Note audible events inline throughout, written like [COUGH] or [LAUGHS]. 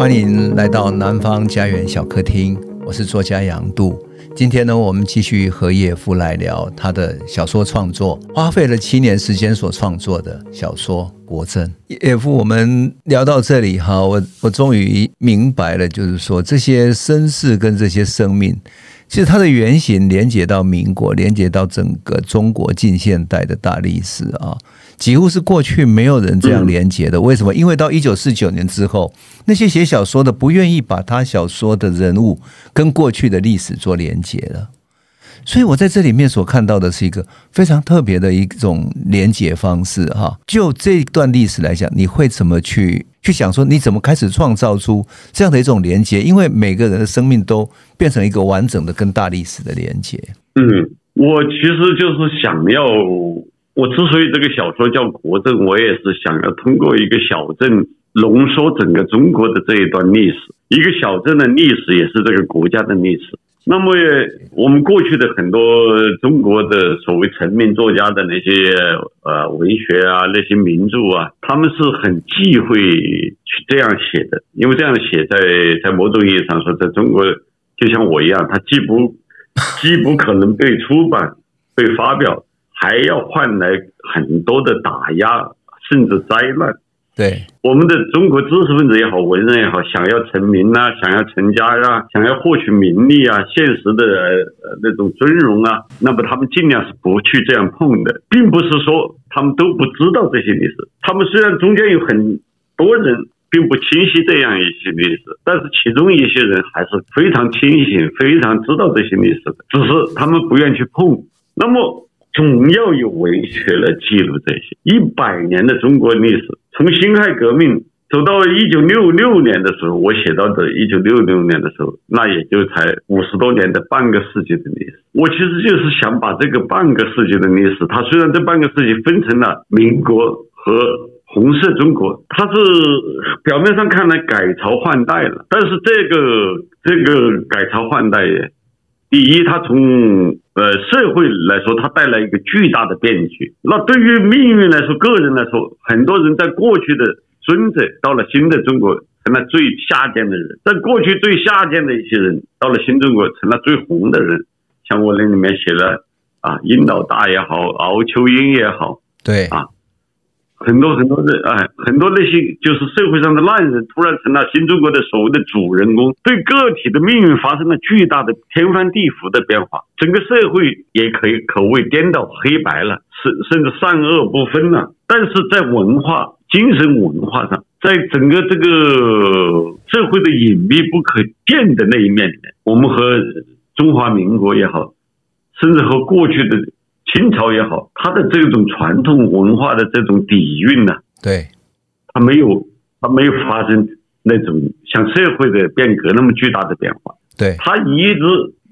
歡迎來到南方家園小客廳，我是作家楊渡。今天呢，我們繼續和葉夫來聊他的小說創作，花費了七年時間所創作的小說《國鎮》。葉夫，我們聊到這裡哈，我我終於明白了，就是說這些身世跟這些生命，其實它的原型連接到民國，連接到整個中國近現代的大歷史啊。幾乎是過去沒有人這樣連接的，為什麼？因為到一九四九年之後，那些寫小說的不願意把他小說的人物跟過去的歷史做連接了。所以，我在這裡面所看到的是一個非常特別的一種連接方式。哈，就這一段歷史來講，你會怎麼去去想說，你怎麼開始創造出這樣的一種連接？因為每個人的生命都變成一個完整的跟大歷史的連接。嗯，我其實就是想要。我之所以這個小說叫《國鎮》，我也是想要通過一個小鎮濃縮整個中國的這一段歷史。一個小鎮的歷史也是這個國家的歷史。那麼，我們過去的很多中國的所謂成名作家的那些呃文學啊，那些名著啊，他們是很忌諱去這樣寫的，因為這樣寫，在在某種意義上說，在中國就像我一樣，他既不既不可能被出版、被發表。還要換來很多的打壓，甚至災難。對我們的中國知識分子也好，文人也好，想要成名啊，想要成家呀、啊，想要獲取名利啊，現實的、呃、那種尊榮啊，那麼他們盡量是不去這樣碰的，並不是說他們都不知道這些歷史。他們雖然中間有很多人並不清晰這樣一些歷史，但是其中一些人還是非常清醒，非常知道這些歷史的，只是他們不願去碰。那麼。總要有文學來記錄這些一百年的中國歷史，從辛亥革命，走到一九六六年的時候，我寫到的一九六六年的時候，那也就才五十多年的半個世紀的歷史。我其實就是想把這個半個世紀的歷史，它雖然這半個世紀分成了民國和紅色中國，它是表面上看來改朝換代了，但是這個這個改朝換代，第一它從。呃，社會來說，它帶來一個巨大的變局。那對於命運來說，個人來說，很多人在過去的孫子到了新的中國成了最下賤的人；在過去最下賤的一些人，到了新中國成了最紅的人。像我那裡面寫了，啊，殷老大也好，敖秋英也好，對啊。很多很多的，哎，很多那些就是社會上的爛人，突然成了新中國的所謂的主人公，對個體的命運發生了巨大的天翻地覆的變化，整個社會也可以可謂顛倒黑白了，甚甚至善惡不分了。但是在文化、精神文化上，在整個這個社會的隱秘不可見的那一面裡面，我們和中華民國也好，甚至和過去的。清朝也好，他的這種傳統文化的這種底蘊呢、啊，對，他沒有，他沒有發生那種像社會的變革那麼巨大的變化。對，他一直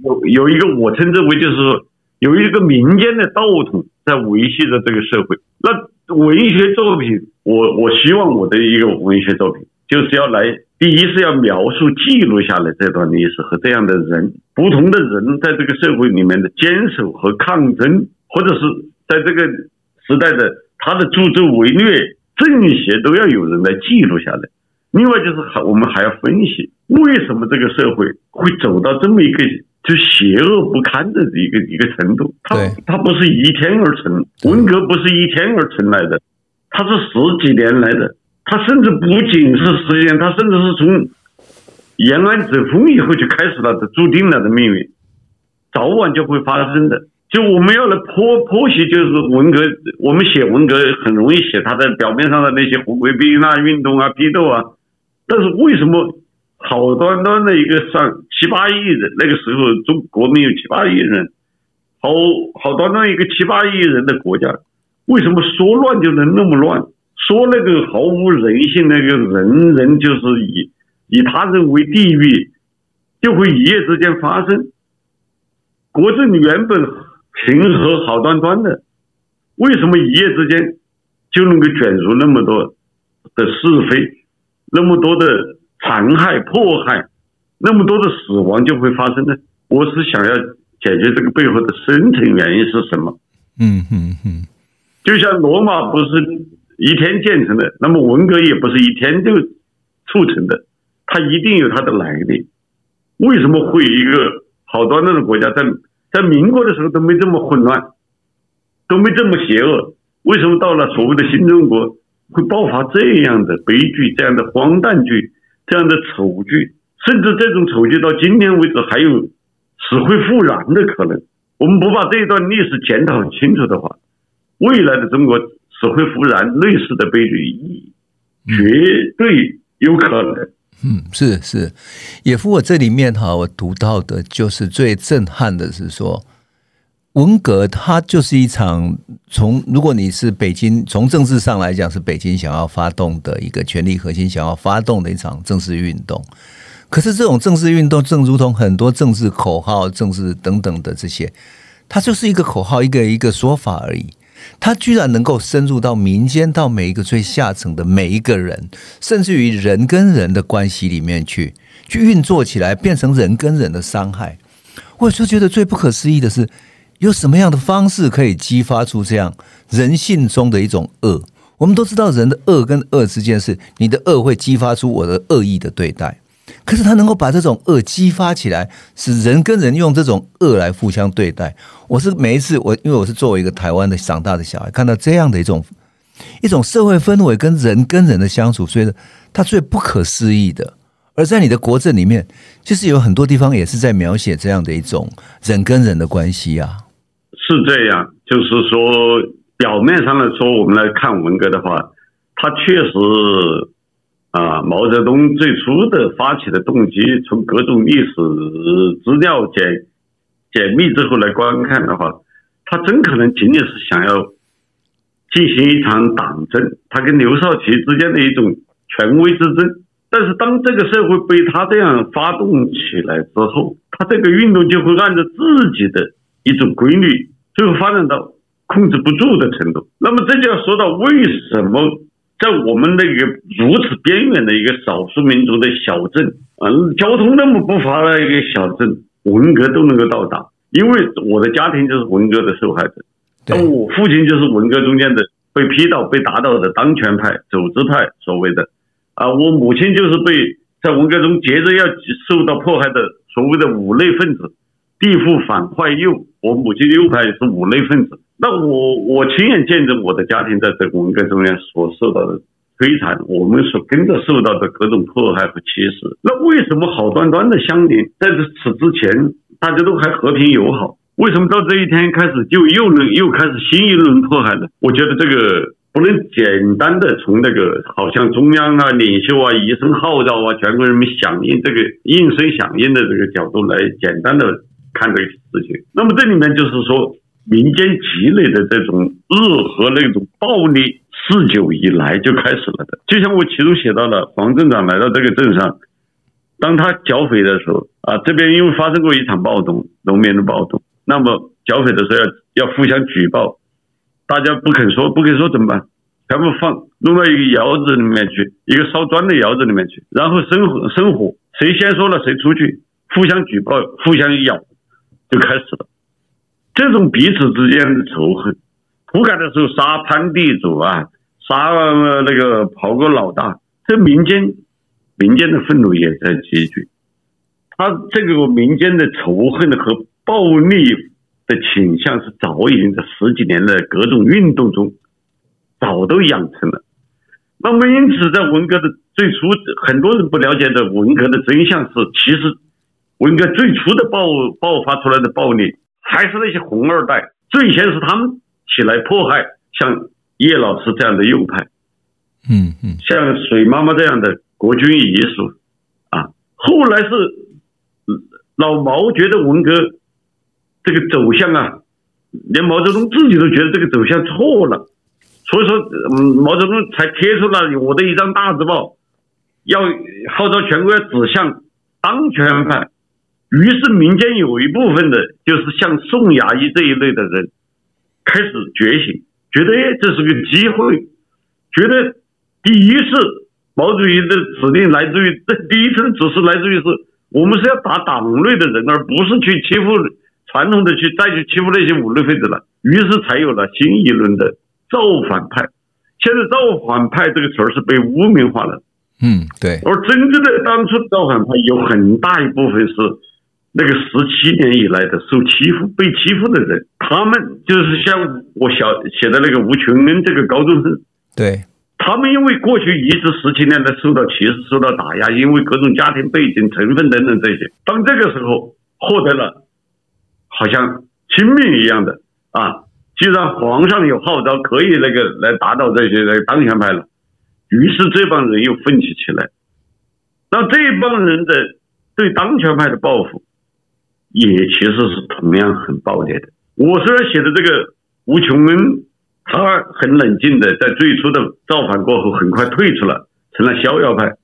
有有一個我稱之為就是說有一個民間的道統在維繫着這個社會。那文學作品，我我希望我的一個文學作品就是要來，第一是要描述記錄下來這段歷史和這樣的人，不同的人在這個社會裡面的堅守和抗爭。或者是在這個時代的他的助紂為虐，正邪都要有人來記錄下來。另外就是還我們還要分析為什麼這個社會會走到這麼一個就邪惡不堪的一個一個程度？他他不是一天而成，文革不是一天而成來的，他是十幾年來的。他甚至不僅是十幾年，他甚至是從延安整風以後就開始了的，註定了的命運，早晚就會發生的。就我們要來剖剖析，就是文革，我們寫文革很容易寫它的表面上的那些紅衛兵啊運動啊、批鬥啊，但是為什麼好端端的一個上七八億人，那個時候中國沒有七八億人，好好端端一個七八億人的國家，為什麼說亂就能那麼亂？說那個毫無人性，那個人人就是以以他人為地獄，就會一夜之間發生。國鎮原本。平和好端端的，為什麼一夜之間就能夠捲入那麼多的是非，那麼多的殘害、迫害，那麼多的死亡就會發生呢？我是想要解決這個背後的深層原因是什麼？嗯嗯嗯。就像羅馬不是一天建成的，那麼文革也不是一天就促成的，它一定有它的來歷。為什麼會有一個好端端的國家在？在民國的時候都沒這麼混亂，都沒這麼邪惡，為什麼到了所謂的新中國會爆發這樣的悲劇、這樣的荒誕劇、這樣的醜劇？甚至這種醜劇到今天為止還有死灰復燃的可能。我們不把這一段歷史檢討很清楚的話，未來的中國死灰復燃類似的悲劇，絕對有可能。 [LAUGHS] 嗯，是是，野夫，我這裡面哈，我讀到的就是最震撼的是說，文革它就是一場從，如果你是北京，從政治上來講是北京想要發動的一個權力核心想要發動的一場政治運動，可是這種政治運動正如同很多政治口號、政治等等的這些，它就是一個口號，一個一個說法而已。他居然能夠深入到民間，到每一個最下層的每一個人，甚至於人跟人的關係裡面去，去運作起來，變成人跟人的傷害。我就覺得最不可思議的是，有什麼樣的方式可以激發出這樣人性中的一種惡？我們都知道，人的惡跟惡之間是你的惡會激發出我的惡意的對待。可是他能夠把這種惡激發起來，使人跟人用這種惡來互相對待。我是每一次，我因為我是作為一個台灣的長大的小孩，看到這樣的一種一種社會氛圍跟人跟人的相處，所以他最不可思議的。而在你的國鎮裡面，就是有很多地方也是在描寫這樣的一種人跟人的關係啊。是這樣，就是說表面上來說，我們來看文革的話，它確實。啊，毛澤東最初的發起的動機，從各種歷史資料解解密之後來觀看的話，他真可能僅僅是想要進行一場黨爭，他跟劉少奇之間的一種權威之爭。但是，當這個社會被他這樣發動起來之後，他這個運動就會按照自己的一種規律，最後發展到控制不住的程度。那麼，這就要說到為什麼？在我們那個如此邊遠的一個少數民族的小鎮，啊，交通那麼不發達一個小鎮，文革都能夠到達。因為我的家庭就是文革的受害者，我父親就是文革中間的被批鬥、被打倒的當權派、走資派所謂的，啊，我母親就是被在文革中接着要受到迫害的所謂的五類分子，地富反壞右，我母親的右派也是五類分子。那我我親眼見證我的家庭在這個文革中間所受到的摧殘，我們所跟着受到的各種迫害和歧視。那為什麼好端端的相鄰，在此之前大家都還和平友好，為什麼到這一天開始就又能又開始新一輪迫害呢？我覺得這個不能簡單的從那個好像中央啊、領袖啊一聲號召啊，全國人民響應這個應聲響應的這個角度來簡單的看這個事情。那麼這裡面就是說。民間積累的這種惡和那種暴力，四九以來就開始了的。就像我其中寫到了黃鎮長來到這個鎮上，當他剿匪的時候，啊，這邊因為發生過一場暴動，農民的暴動。那麼剿匪的時候要要互相舉報，大家不肯說不肯說怎麼辦？全部放弄到一個窑子裡面去，一個燒磚的窑子裡面去，然後生火生火，誰先說了誰出去，互相舉報互相咬，就開始了。這種彼此之間的仇恨，土改的時候殺潘地主啊，殺那個袍哥老大，這民間民間的憤怒也在積聚。他這個民間的仇恨和暴力的傾向是早已經在十幾年的各種運動中早都養成了。那麼因此，在文革的最初，很多人不了解的文革的真相是，其實文革最初的爆爆發出來的暴力。還是那些紅二代，最先是他們起來迫害像葉老師這樣的右派，嗯嗯，像水媽媽這樣的國軍遺屬，啊，後來是老毛覺得文革這個走向啊，連毛澤東自己都覺得這個走向錯了，所以說，嗯，毛澤東才貼出了我的一張大字報，要號召全國要指向當權派。於是民間有一部分的，就是像宋牙醫這一類的人，開始覺醒，覺得哎，這是個機會，覺得第一次毛主席的指令來自於這第一層，指示來自於是我們是要打黨內的人，而不是去欺負傳統的去再去欺負那些五類分子了。於是才有了新一輪的造反派。現在造反派這個詞兒是被汙名化了，嗯，對。而真正的當初造反派有很大一部分是。那個十七年以來的受欺負、被欺負的人，他們就是像我小寫的那個吳瓊恩這個高中生，對，他們因為過去一直十七年的受到歧視、受到打壓，因為各種家庭背景、成分等等這些，當這個時候獲得了好像親命一樣的啊，既然皇上有號召，可以那個來打倒這些來、那個、當權派了，於是這幫人又奮起起來，那這幫人的對當權派的報復，也其實是同樣很暴力的。我雖然寫的這個吳瓊恩，他很冷靜的，在最初的造反過後很快退出了，成了逍遙派。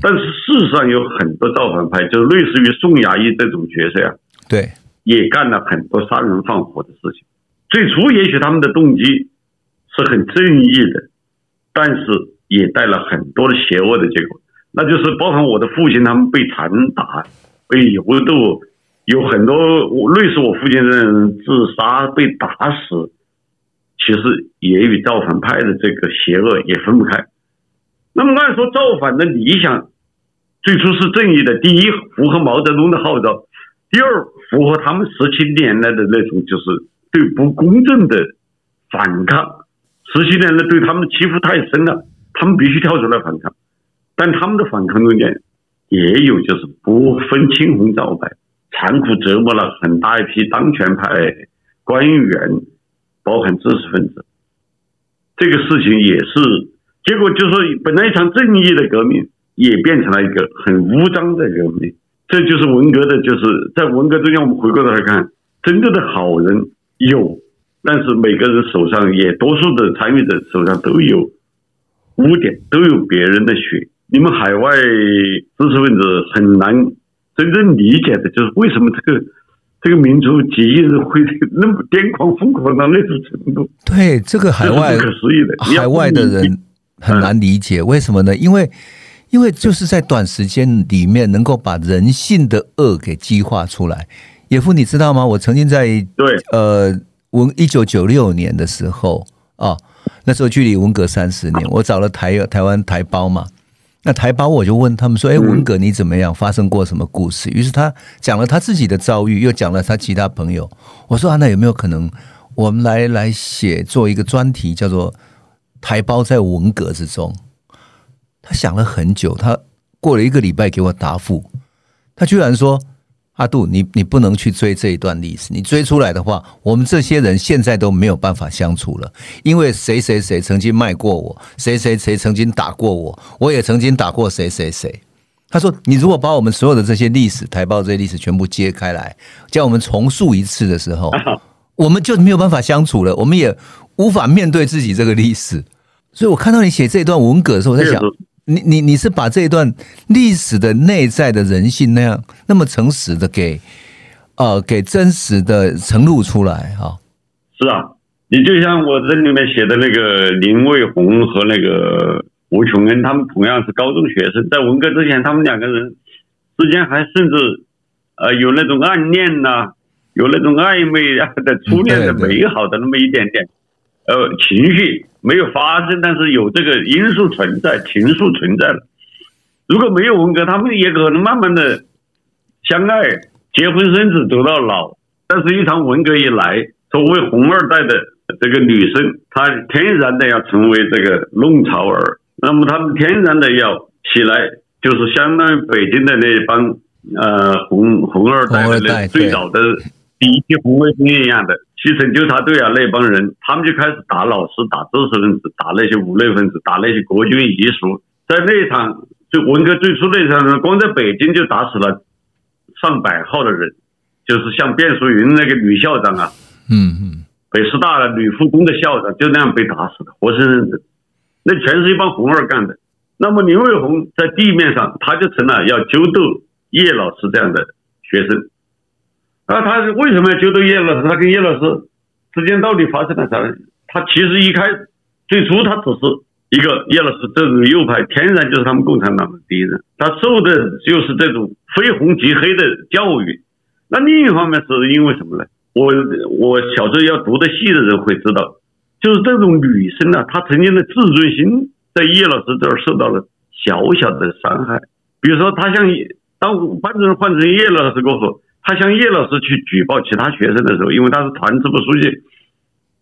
但是事實上有很多造反派，就類似於宋衙役這種角色啊，對，也幹了很多殺人放火的事情。最初也許他們的動機是很正義的，但是也帶了很多的邪惡的結果，那就是包含我的父親他們被殘打，被遊鬥。有很多類似我父親這種自殺、被打死，其實也與造反派的這個邪惡也分不開。那麼按說造反的理想最初是正義的，第一符合毛澤東的號召，第二符合他們十七年來的那種就是對不公正的反抗。十七年來對他們的欺負太深了，他們必須跳出來反抗。但他們的反抗中間也有就是不分青紅皂白。殘酷折磨了很大一批當權派官員，包含知識分子。這個事情也是，結果就是本來一場正義的革命，也變成了一個很烏髒的革命。這就是文革的，就是在文革中間，我們回過頭來看，真正的好人有，但是每個人手上也多數的參與者手上都有污點，都有別人的血。你們海外知識分子很難。真正理解的就是為什麼這個這個民族幾億人會那麼癲狂瘋狂到那種程度？對，這個海外海外的人很難理解，嗯、為什麼呢？因為因為就是在短時間裡面能夠把人性的惡給激化出來。野夫，你知道嗎？我曾經在對呃文一九九六年的時候啊，那時候距離文革三十年，我找了台台灣台胞嘛。那台胞我就問他們說：“哎，文革你怎麼樣？發生過什麼故事？”於是他講了他自己的遭遇，又講了他其他朋友。我說：“啊，那有沒有可能我們來來寫做一個專題，叫做‘台胞在文革之中’？”他想了很久，他過了一個禮拜給我答覆，他居然說。阿杜，你你不能去追這一段歷史，你追出來的話，我們這些人現在都沒有辦法相處了，因為誰誰誰曾經賣過我，誰誰誰曾經打過我，我也曾經打過誰誰誰。他說，你如果把我們所有的這些歷史、台報這些歷史全部揭開來，叫我們重塑一次的時候，好我們就沒有辦法相處了，我們也無法面對自己這個歷史。所以，我看到你寫這一段文革的時候，我在想。嗯你你你是把這一段歷史的內在的人性那樣那麼誠實的給呃給真實的呈露出來哈？哦、是啊，你就像我這裡面寫的那個林衛紅和那個吳瓊恩，他們同樣是高中學生，在文革之前，他們兩個人之間還甚至呃有那種暗戀吶、啊，有那種曖昧、啊、的初戀的、嗯、美好的那麼一點點。呃，情緒沒有發生，但是有這個因素存在，情愫存在。如果沒有文革，他們也可能慢慢的相愛、結婚、生子、走到老。但是，一場文革一來，所謂紅二代的這個女生，她天然的要成為這個弄潮兒，那麼他們天然的要起來，就是相當於北京的那幫呃紅紅二代的二代最早的第一批紅衛兵一樣的。基層糾察隊啊，那幫人，他們就開始打老師，打知識分子，打那些五類分子，打那些國軍遺屬。在那一場，就文革最初那一場，光在北京就打死了上百號的人，就是像卞淑雲那個女校長啊，嗯嗯，嗯北師大的女附中的校長就那樣被打死了，活生生的。那全是一幫紅二幹的。那麼，林衛紅在地面上，他就成了要揪鬥葉老師這樣的學生。那他為什麼要揪鬥葉老師？他跟葉老師之間到底發生了啥？他其實一開始最初，他只是一個葉老師這種右派，天然就是他們共產黨的敵人。他受的就是這種非紅即黑的教育。那另一方面是因為什麼呢？我我小時候要讀的戲的人會知道，就是這種女生呢、啊，她曾經的自尊心在葉老師這兒受到了小小的傷害。比如說她像，他像當班主任換成葉老師過後。他向葉老師去舉報其他學生的時候，因為他是團支部書記，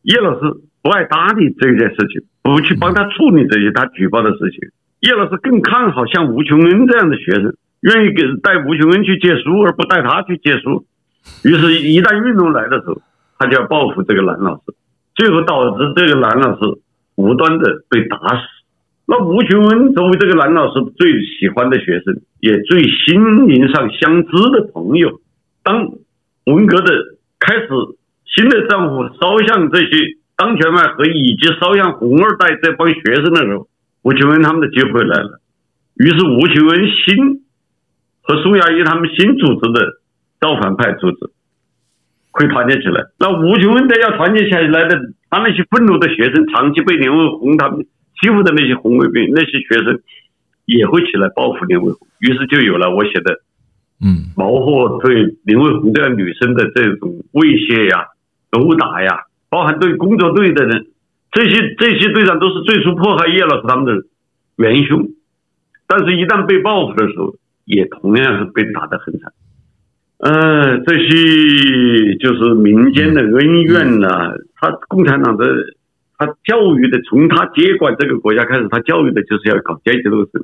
葉老師不愛搭理這件事情，不去幫他處理這些他舉報的事情。葉老師更看好像吳瓊恩這樣的學生，願意給帶吳瓊恩去借書，而不帶他去借書。於是，一旦運動來的時候，他就要報復這個男老師，最後導致這個男老師無端的被打死。那吳瓊恩作為這個男老師最喜歡的學生，也最心靈上相知的朋友，當文革的開始，新的政府燒向這些當權派和以及燒向紅二代這幫學生的時候，吳群恩他們的機會來了。於是吳群恩新和蘇亞一他們新組織的造反派組織會團結起來。那吳群恩的要團結起來的，他那些憤怒的學生，長期被劉偉紅他們欺負的那些紅衛兵，那些學生也會起來報復劉偉紅。於是就有了我寫的。嗯，包括對林衛紅這樣女生的這種威脅呀、毆打呀，包含對工作隊的人，這些這些隊長都是最初迫害葉老師他們的元兇，但是一旦被報復的時候，也同樣是被打得很慘。嗯、呃，這些就是民間的恩怨吶、啊。他共產黨的，他教育的，從他接管這個國家開始，他教育的就是要搞階級鬥爭。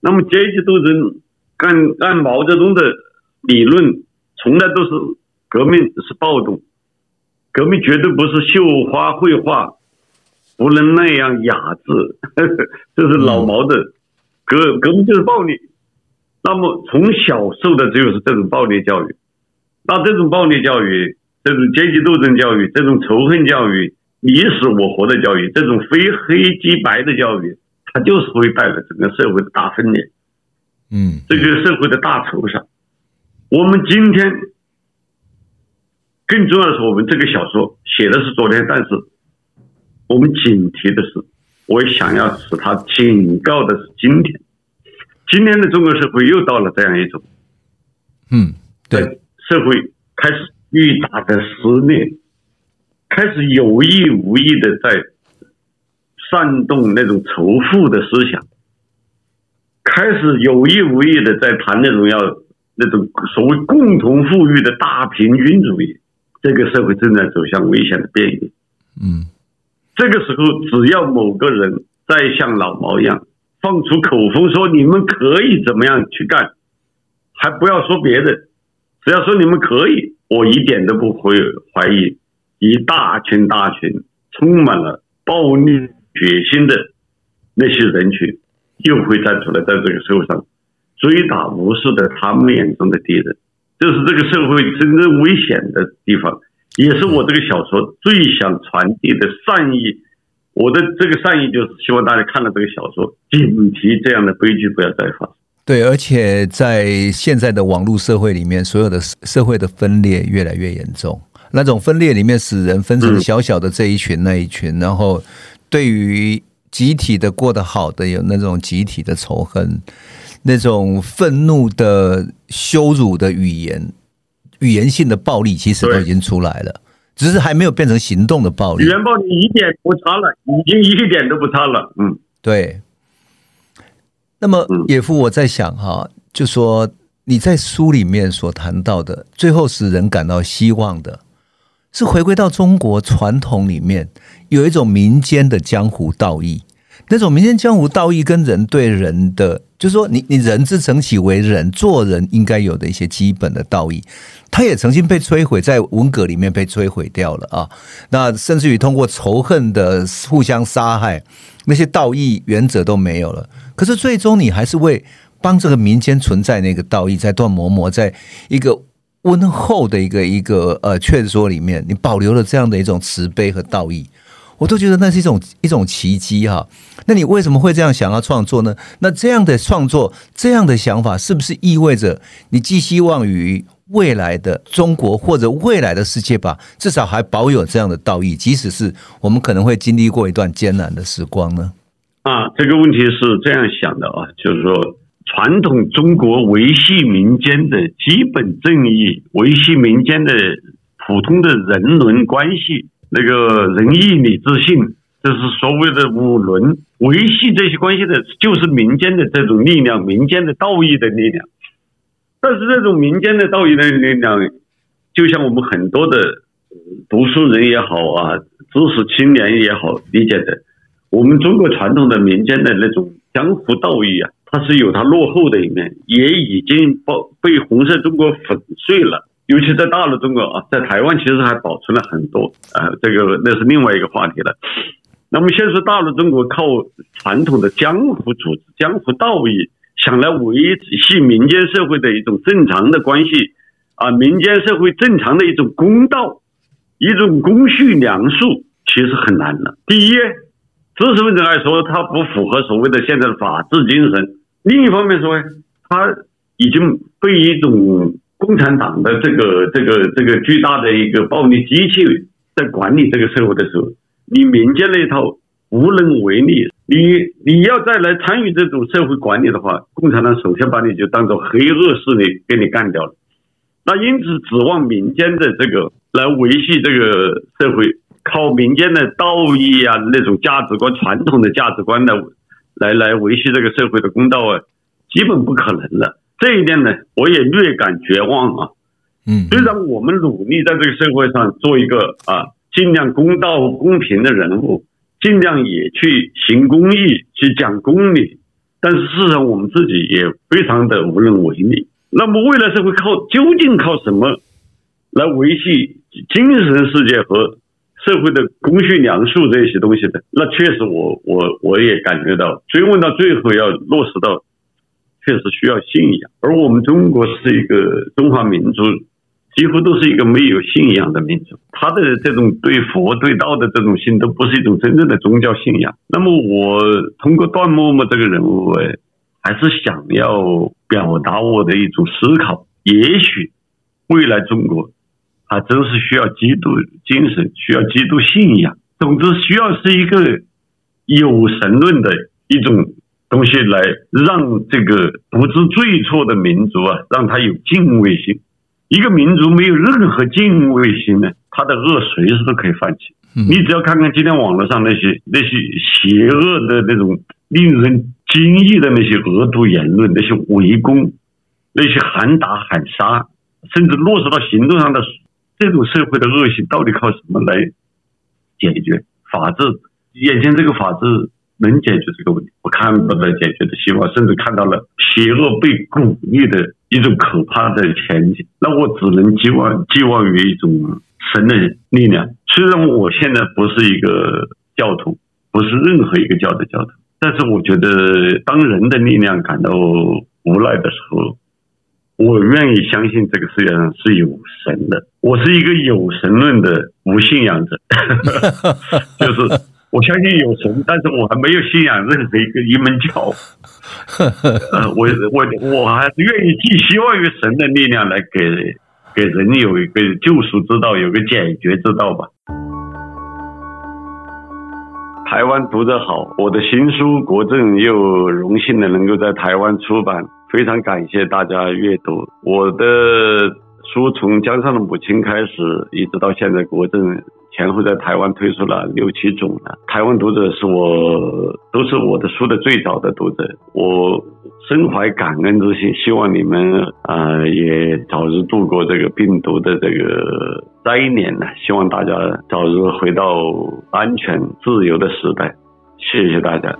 那麼階級鬥爭。按按毛澤東的理論，從來都是革命是暴動，革命絕對不是繡花繪畫，不能那樣雅致。這呵呵、就是老毛的，革革命就是暴力。那麼從小受的只有是這種暴力教育，那這種暴力教育、這種階級鬥爭教育、這種仇恨教育、你死我活的教育、這種非黑即白的教育，它就是會帶來整個社會的大分裂。嗯，這個社會的大仇殺，我們今天更重要的是，我們這個小說寫的是昨天，但是我們警惕的是，我想要使他警告的是今天，今天的中國社會又到了這樣一種，嗯，對，對，社會開始愈發的撕裂，開始有意無意的在煽動那種仇富的思想。開始有意無意地，在談那種要那種所謂共同富裕的大平均主義，這個社會正在走向危險的邊緣。嗯，這個時候只要某個人再像老毛一樣放出口風說，你們可以怎麼樣去幹，還不要說別的，只要說你們可以，我一點都不會懷疑，一大群大群充滿了暴力血腥的那些人群。就會站出來，在這個社會上追打無數的他們眼中的敵人，這是這個社會真正危險的地方，也是我這個小說最想傳遞的善意。我的這個善意就是希望大家看到這個小說，警惕這樣的悲劇不要再發生。對，而且在現在的網絡社會裡面，所有的社會的分裂越來越嚴重，那種分裂裡面使人分成小小的這一群那一群，然後對於。集體的過得好的，有那種集體的仇恨，那種憤怒的、羞辱的語言、語言性的暴力，其實都已經出來了，對只是還沒有變成行動的暴力。語言暴力一點不差了，已經一點都不差了。嗯，對。那麼野夫，嗯、我在想哈、啊，就說你在書裡面所談到的，最後使人感到希望的。是回歸到中國傳統裡面，有一種民間的江湖道義，那種民間江湖道義跟人對人的，就是說你你人之成其為人，做人應該有的一些基本的道義，它也曾經被摧毀，在文革裡面被摧毀掉了啊。那甚至於通過仇恨的互相殺害，那些道義原則都沒有了。可是最終你還是為幫這個民間存在那個道義，在斷磨磨在一個。溫厚的一個一個呃勸說裡面，你保留了這樣的一種慈悲和道義，我都覺得那是一種一種奇蹟哈、啊。那你為什麼會這樣想要創作呢？那這樣的創作，這樣的想法，是不是意味着你寄希望於未來的中國或者未來的世界吧？至少還保有這樣的道義，即使是我們可能會經歷過一段艱難的時光呢？啊，這個問題是這樣想的啊，就是說。傳統中國維繫民間的基本正義，維繫民間的普通的人倫關係，那個仁義禮智信，就是所謂的五倫，維繫這些關係的，就是民間的這種力量，民間的道義的力量。但是這種民間的道義的力量，就像我們很多的讀書人也好啊，知識青年也好理解的，我們中國傳統的民間的那種江湖道義啊。它是有它落後的一面，也已經被被紅色中國粉碎了。尤其在大陸中國啊，在台灣其實還保存了很多啊、呃，這個那是另外一個話題了。那麼，先說大陸中國靠傳統的江湖組織、江湖道義，想來維繫民間社會的一種正常的關係啊、呃，民間社會正常的一種公道、一種公序良俗，其實很難了。第一，知識分子來說，它不符合所謂的現在的法治精神。另一方面說呢，他已經被一種共產黨的這個、這個、這個巨大的一個暴力機器在管理這個社會的時候，你民間那一套無能為力。你你要再來參與這種社會管理的話，共產黨首先把你就當做黑惡勢力給你幹掉了。那因此指望民間的這個來維繫這個社會，靠民間的道義啊，那種價值觀、傳統的價值觀的。來來維繫這個社會的公道啊，基本不可能了。這一點呢，我也略感絕望啊。嗯，雖然我們努力在這個社會上做一個啊，盡量公道和公平的人物，盡量也去行公義，去講公理，但是事實上我們自己也非常的無能為力。那麼未來社會靠究竟靠什麼來維繫精神世界和社會的公序良俗這些東西的，那確實我我我也感覺到，追問到最後要落實到，確實需要信仰。而我們中國是一個中華民族，幾乎都是一個沒有信仰的民族，他的這種對佛對道的這種信，都不是一種真正的宗教信仰。那麼我通過段默默這個人物，我還是想要表達我的一種思考。也許，未來中國。他真是需要基督精神，需要基督信仰。總之，需要是一個有神論的一種東西來讓這個不知罪錯的民族啊，讓他有敬畏心。一個民族沒有任何敬畏心呢，他的惡隨時都可以泛起。你只要看看今天網絡上那些那些邪惡的那種令人驚異的那些惡毒言論，那些圍攻，那些喊打喊殺，甚至落實到行動上的。這種社會的惡行到底靠什麼來解決？法治，眼前這個法治能解決這個問題？我看不到解決的希望，甚至看到了邪惡被鼓勵的一種可怕的前景。那我只能寄望、寄望於一種神的力量。雖然我現在不是一個教徒，不是任何一個教的教徒，但是我覺得，當人的力量感到無奈的時候，我願意相信這個世界上是有神的，我是一個有神論的無信仰者，就是我相信有神，但是我還沒有信仰任何一個一門教。我我我還是願意寄希望於神的力量來給給人有一個救贖之道，有個解決之道吧。台灣讀者，好，我的新書《國鎮》又榮幸的能夠在台灣出版。非常感謝大家閱讀我的書，從《江上的母親》開始，一直到現在，《國鎮》，前後在台灣推出了六七種了。台灣讀者是我，都是我的書的最早的讀者，我深懷感恩之心，希望你們啊、呃、也早日度過這個病毒的這個災年呢，希望大家早日回到安全自由的時代。謝謝大家。